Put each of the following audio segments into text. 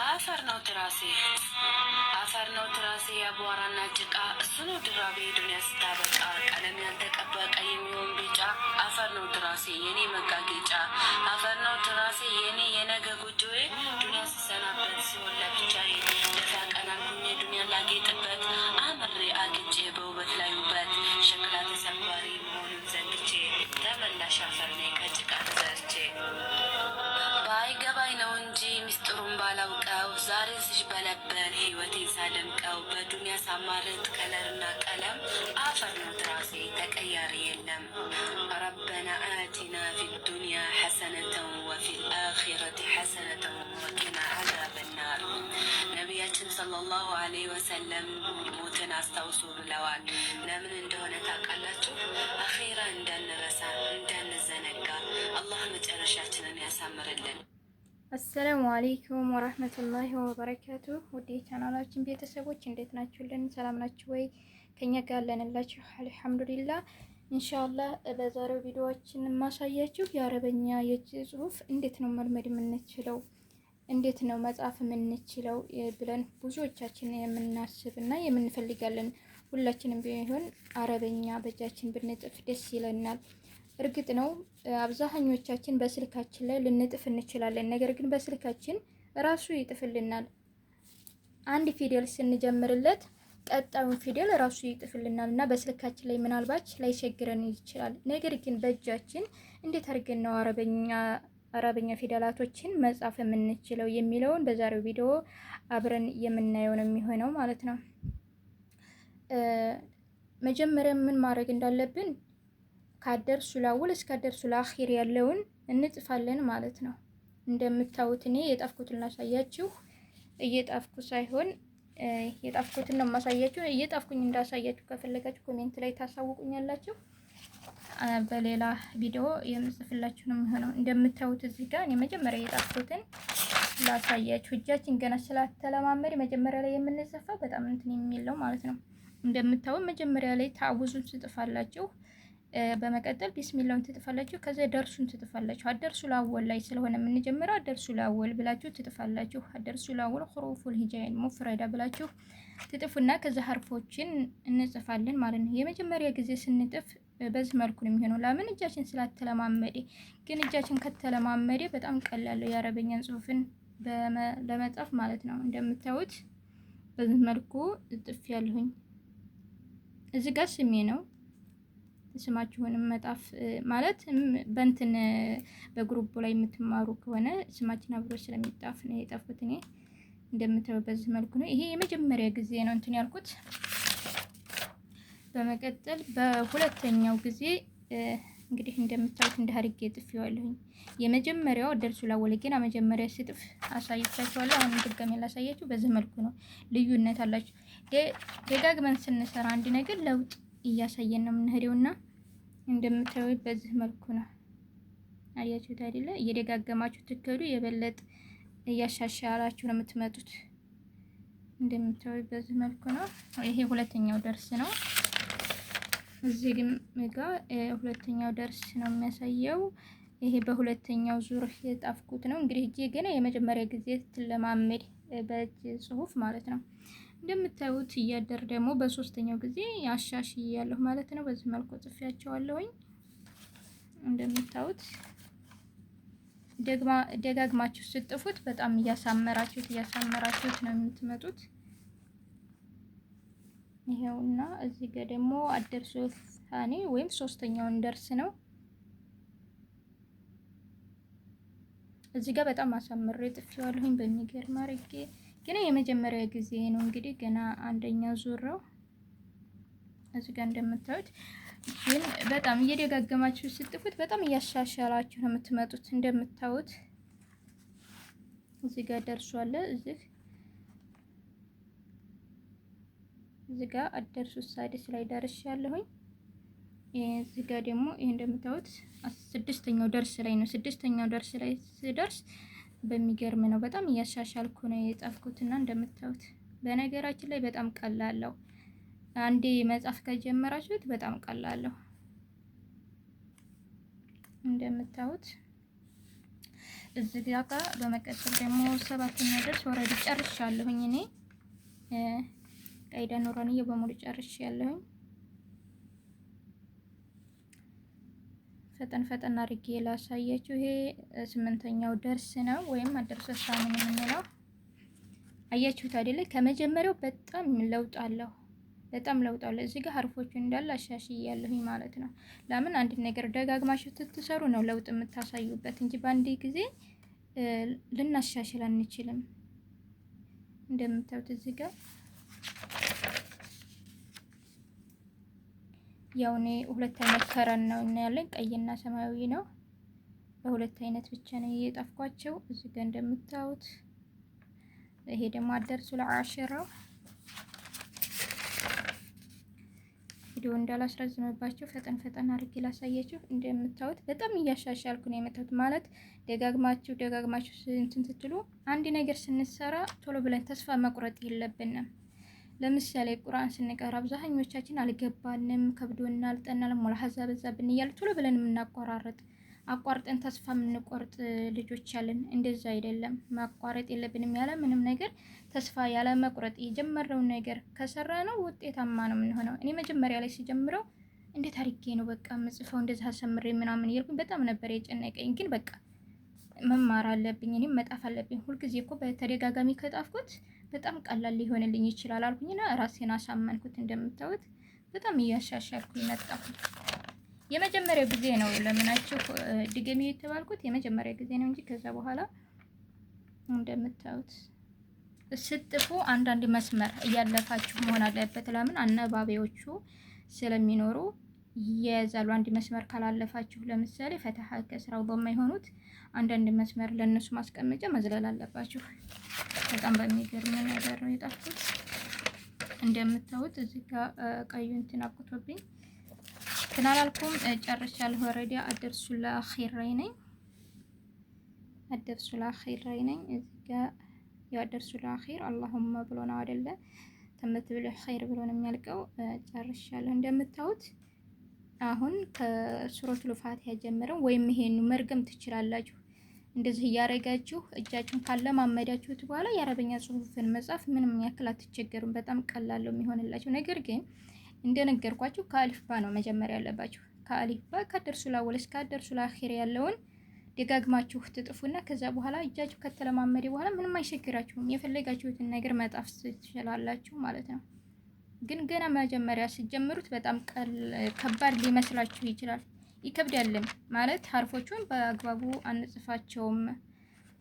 አፈር ነው ትራሴ፣ አፈር ነው ትራሴ፣ አቧራና ጭቃ እሱ ነው ድራቤ። ዱንያ ስታበቃ ቀለም ያልተቀባ ቀይ የሚሆን ቢጫ አፈር ነው ትራሴ፣ የኔ መጋጌጫ አፈር ነው ትራሴ፣ የኔ የነገ ጎጆዬ ዱንያ ስሰናበት ሲሆን ለብቻዬ ደፋ ቀናልኩኝ ዱኒያ ላጌጥበት እኔ ህይወቴን ሳደምቀው በዱንያ ሳማርት ከለርና ቀለም አፈር ነው ትራሴ ተቀያሪ የለም። ረበና አቲና ፊ ዱንያ ሐሰነተን ወፊ ልአኪረት ሐሰነተን ወቂና አዛብ ነቢያችን ሰለላሁ አለይሂ ወሰለም ሞትን አስታውሱ ብለዋል። ለምን እንደሆነ ታውቃላችሁ? አኼራ እንዳንረሳ እንዳንዘነጋ፣ አላህ መጨረሻችንን ያሳምርልን። አሰላሙ አሌይኩም ወራህመቱላሂ ወበረካቱ። ውድ ቻናላችን ቤተሰቦች እንዴት ናችሁልን? ሰላም ናችሁ ወይ? ከኛ ጋር አለንላችሁ አልሐምዱሊላ። ኢንሻአላህ በዛሬው ቪዲዮችን የማሳያችሁ የአረበኛ የእጅ ጽሁፍ እንዴት ነው መልመድ የምንችለው፣ እንዴት ነው መጻፍ የምንችለው ብለን ብዙዎቻችን የምናስብ እና የምንፈልጋለን። ሁላችንም ቢሆን አረበኛ በእጃችን ብንጽፍ ደስ ይለናል። እርግጥ ነው አብዛኞቻችን በስልካችን ላይ ልንጥፍ እንችላለን። ነገር ግን በስልካችን ራሱ ይጥፍልናል። አንድ ፊደል ስንጀምርለት ቀጣዩን ፊደል ራሱ ይጥፍልናል እና በስልካችን ላይ ምናልባች ላይቸግረን ይችላል። ነገር ግን በእጃችን እንዴት አድርገን ነው አረበኛ አረበኛ ፊደላቶችን መጻፍ የምንችለው የሚለውን በዛሬው ቪዲዮ አብረን የምናየው ነው የሚሆነው ማለት ነው። መጀመሪያ ምን ማድረግ እንዳለብን ከአደርሱል አወል እስከ ሱላ አኺር ያለውን እንጥፋለን ማለት ነው። እንደምታዩት እኔ የጣፍኩትን ላሳያችሁ እየጣፍኩ ሳይሆን የጣፍኩትን ነው የማሳያችሁ። እየጣፍኩኝ እንዳሳያችሁ ከፈለጋችሁ ኮሜንት ላይ ታሳውቁኛላችሁ። በሌላ ቪዲዮ የምጽፍላችሁ ነው የሚሆነው። እንደምታዩት እዚህ ጋር እኔ መጀመሪያ የጣፍኩትን ላሳያችሁ። እጃችን ገና ስላተለማመድ መጀመሪያ ላይ የምንጽፈው በጣም እንትን የሚለው ማለት ነው። እንደምታዩት መጀመሪያ ላይ ታውዙን ስጥፋላችሁ በመቀጠል ቢስሚላውን ትጥፋላችሁ። ከዚያ ደርሱን ትጥፋላችሁ። አደርሱ ላወል ላይ ስለሆነ የምንጀምረው አደርሱ ላወል ብላችሁ ትጥፋላችሁ። አደርሱ ላወል ሁሩፉል ሂጃይን ሙፍረዳ ብላችሁ ትጥፉና ከዛ ሀርፎችን እንጽፋለን ማለት ነው። የመጀመሪያ ጊዜ ስንጥፍ በዚህ መልኩ ነው የሚሆነው። ለምን እጃችን ስላተለማመዴ። ግን እጃችን ከተለማመዴ በጣም ቀላል የአረበኛን ጽሁፍን ለመጻፍ ማለት ነው። እንደምታዩት በዚህ መልኩ እጥፍ ያለሁኝ እዚህ ጋር ስሜ ነው ስማችሁንም መጣፍ ማለት በእንትን በግሩፕ ላይ የምትማሩ ከሆነ ስማችን አብሮ ስለሚጣፍ ነው የጠፉት። እኔ እንደምታዩት በዚህ መልኩ ነው። ይሄ የመጀመሪያ ጊዜ ነው እንትን ያልኩት። በመቀጠል በሁለተኛው ጊዜ እንግዲህ እንደምታዩት እንደ ጥፍ ጥፌዋለሁኝ። የመጀመሪያው ላወለ ገና መጀመሪያ ሲጥፍ አሳይቻችኋለሁ። አሁን ድጋሜ ላሳያችሁ። በዚህ መልኩ ነው ልዩነት አላችሁ። ደጋግመን ስንሰራ አንድ ነገር ለውጥ እያሳየን ነው የምንሄደው እና እንደምታዩት በዚህ መልኩ ነው። አያችሁት አይደለ? እየደጋገማችሁ ትከዱ የበለጠ እያሻሻላችሁ ነው የምትመጡት። እንደምታዩ በዚህ መልኩ ነው። ይሄ ሁለተኛው ደርስ ነው። እዚህ ግን ጋር ሁለተኛው ደርስ ነው የሚያሳየው። ይሄ በሁለተኛው ዙር የጣፍኩት ነው። እንግዲህ እጄ ገና የመጀመሪያ ጊዜ ለማመድ በእጅ ጽሁፍ ማለት ነው። እንደምታዩት እያደር ደግሞ በሶስተኛው ጊዜ አሻሽ እያለሁ ማለት ነው። በዚህ መልኩ ጽፌያቸዋለሁኝ። እንደምታዩት ደጋግማችሁ ስጥፉት በጣም እያሳመራችሁት እያሳመራችሁት ነው የምትመጡት። ይሄውና እዚህ ጋር ደግሞ አደርሶ ታኔ ወይም ሶስተኛውን ደርስ ነው። እዚህ ጋር በጣም አሳምሬ ጥፌዋለሁኝ በሚገርም አድርጌ ግን የመጀመሪያ ጊዜ ነው እንግዲህ ገና አንደኛ ዙር ነው። እዚህ ጋር እንደምታዩት ግን በጣም እየደጋገማችሁ ስጥፉት በጣም እያሻሻላችሁ ነው የምትመጡት። እንደምታዩት እዚህ ጋር ደርሷል። እዚህ እዚህ ጋር አደርሱ ሳዲስ ላይ ደርሻለሁኝ። እዚህ ጋር ደግሞ ይሄ እንደምታዩት ስድስተኛው ደርስ ላይ ነው። ስድስተኛው ደርስ ላይ ስደርስ በሚገርም ነው በጣም እያሻሻልኩ ነው የጻፍኩት እና እንደምታዩት በነገራችን ላይ በጣም ቀላለሁ። አንዴ መጻፍ ከጀመራችሁት በጣም ቀላለሁ። እንደምታዩት እዚህ ጋር በመቀጠል ደግሞ ሰባተኛ ደርስ ወረድ ጨርሻለሁኝ እኔ ቀይደ ኑሮንዬ በሙሉ ጨርሻለሁኝ። ፈጠን ፈጠን አድርጌ ላሳያችሁ። ይሄ ስምንተኛው ደርስ ነው ወይም አደርሶ ሳሙን የምንለው አያችሁት አይደለ? ከመጀመሪያው በጣም ለውጥ አለው። በጣም ለውጥ አለው። እዚህ ጋር ሀርፎቹ እንዳለ አሻሽያለሁኝ ማለት ነው። ለምን አንድ ነገር ደጋግማችሁ ስትሰሩ ነው ለውጥ የምታሳዩበት እንጂ በአንድ ጊዜ ልናሻሽል አንችልም። እንደምታዩት እዚህ ጋር ያው እኔ ሁለት አይነት ከረን ነው እና ያለኝ ቀይና ሰማያዊ ነው። በሁለት አይነት ብቻ ነው እየጣፍኳቸው እዚህ ጋር እንደምታዩት። ይሄ ደግሞ አደርሱ ለአሽራው ቪዲዮ እንዳላስረዝምባቸው ፈጠን ፈጠን አድርጌ ላሳያችሁ። እንደምታዩት በጣም እያሻሻልኩ ነው የመጣሁት። ማለት ደጋግማችሁ ደጋግማችሁ እንትን ስትሉ አንድ ነገር ስንሰራ ቶሎ ብለን ተስፋ መቁረጥ የለብንም። ለምሳሌ ቁርአን ስንቀር አብዛኞቻችን አልገባንም፣ ከብዶና አልጠናል፣ ሞላሀዛ በዛብን እያል ቶሎ ብለን የምናቆራረጥ አቋርጠን ተስፋ የምንቆርጥ ልጆች ያለን፣ እንደዛ አይደለም። ማቋረጥ የለብንም። ያለ ምንም ነገር ተስፋ ያለ መቁረጥ የጀመረውን ነገር ከሰራ ነው ውጤታማ ነው የምንሆነው። እኔ መጀመሪያ ላይ ሲጀምረው እንዴት አድርጌ ነው በቃ መጽፈው እንደዚህ አሰምሬ ምናምን እያልኩኝ በጣም ነበር የጨነቀኝ። ግን በቃ መማር አለብኝ እኔም መጣፍ አለብኝ። ሁልጊዜ እኮ በተደጋጋሚ ከጣፍኩት በጣም ቀላል ሊሆንልኝ ይችላል አልኩኝና ራሴን አሳመንኩት። እንደምታዩት በጣም እያሻሻልኩኝ መጣሁ። የመጀመሪያ ጊዜ ነው ለምናችሁ ድገሚ የተባልኩት የመጀመሪያ ጊዜ ነው እንጂ ከዛ በኋላ እንደምታዩት አንድ አንዳንድ መስመር እያለፋችሁ መሆን አለበት። ለምን አነባቢዎቹ ስለሚኖሩ ይያዛሉ። አንድ መስመር ካላለፋችሁ ለምሳሌ ፈተሐ ከስራው በማይሆኑት አንዳንድ መስመር ለእነሱ ማስቀመጫ መዝለል አለባችሁ። በጣም በሚገርም ነገር ነው የጣፍኩት። እንደምታዩት እዚህ ጋር ቀዩ እንትን አቁቶብኝ ትናላልኩም ጨርሻለሁ። ኦልሬዲ አደርሱ ኺር ነኝ። አደርሱ ኺር ነኝ። እዚህ ጋር ያደርሱላ ኺር አላሁመ ብሎ ነው አይደለ? ተመትብለ ኺር ብሎ ነው የሚያልቀው። ጨርሻለሁ እንደምታዩት አሁን ከሱረቱል ፋቲሃ ጀምረን ወይም ይሄን መርገም ትችላላችሁ። እንደዚህ እያረጋችሁ እጃችሁን ካለማመዳችሁት በኋላ የአረበኛ ጽሁፍን መጻፍ ምንም ያክል አትቸገሩም። በጣም ቀላል ነው የሚሆንላችሁ። ነገር ግን እንደነገርኳችሁ ከአሊፍባ ባ ነው መጀመሪያ ያለባችሁ። ከአሊፍ ባ ከደርሱላ ወለስ ከደርሱላ አኺር ያለውን ደጋግማችሁ ትጥፉና ከዛ በኋላ እጃችሁ ከተለማመደ በኋላ ምንም አይቸግራችሁም። የፈለጋችሁትን ነገር መጣፍ ትችላላችሁ ማለት ነው። ግን ገና መጀመሪያ ሲጀምሩት በጣም ከባድ ሊመስላችሁ ይችላል። ይከብዳልን ማለት ሀርፎቹን በአግባቡ አንጽፋቸውም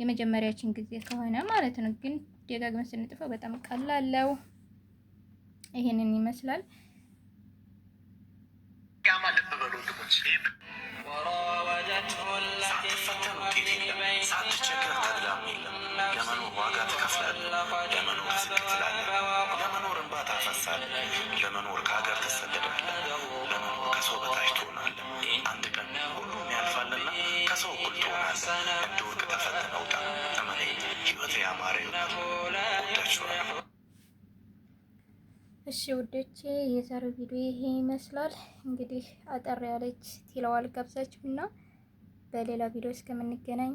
የመጀመሪያችን ጊዜ ከሆነ ማለት ነው። ግን ደጋግመን ስንጥፈው በጣም ቀላለው። ይሄንን ይመስላል። ሳትቸገር የለም። ዋጋ ትከፍላለህ። ትላለህ። ትሳሳል። ለመኖር ከሀገር ትሰደዳለህ። ለመኖር ከሰው በታች ትሆናለህ። አንድ ቀን ሁሉም ያልፋልና ከሰው እኩል ትሆናለህ። እንደ ወርቅ ተፈትነህ ውጣ። እመኔ ህይወት ያማረ ይሆናል። እሺ ውዶቼ የዛሬው ቪዲዮ ይሄ ይመስላል። እንግዲህ አጠር ያለች ቲለዋል ጋብዛችሁ እና በሌላ ቪዲዮ እስከምንገናኝ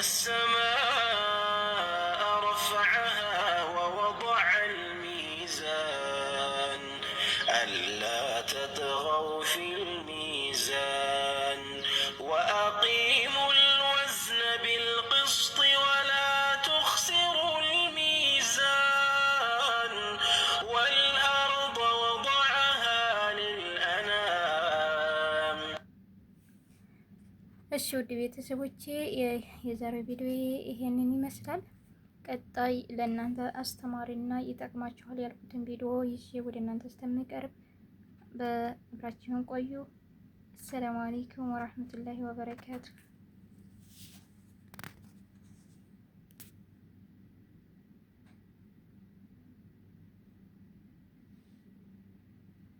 والسماء رفعها ووضع الميزان ألا ውድ ቤተሰቦቼ የዛሬው ቪዲዮ ይሄንን ይመስላል። ቀጣይ ለእናንተ አስተማሪና ይጠቅማችኋል ያልኩትን ቪዲዮ ይዤ ወደ እናንተ እስከሚቀርብ በእብራችሁን ቆዩ። አሰላሙ አለይኩም ወራህመቱላሂ ወበረካቱ።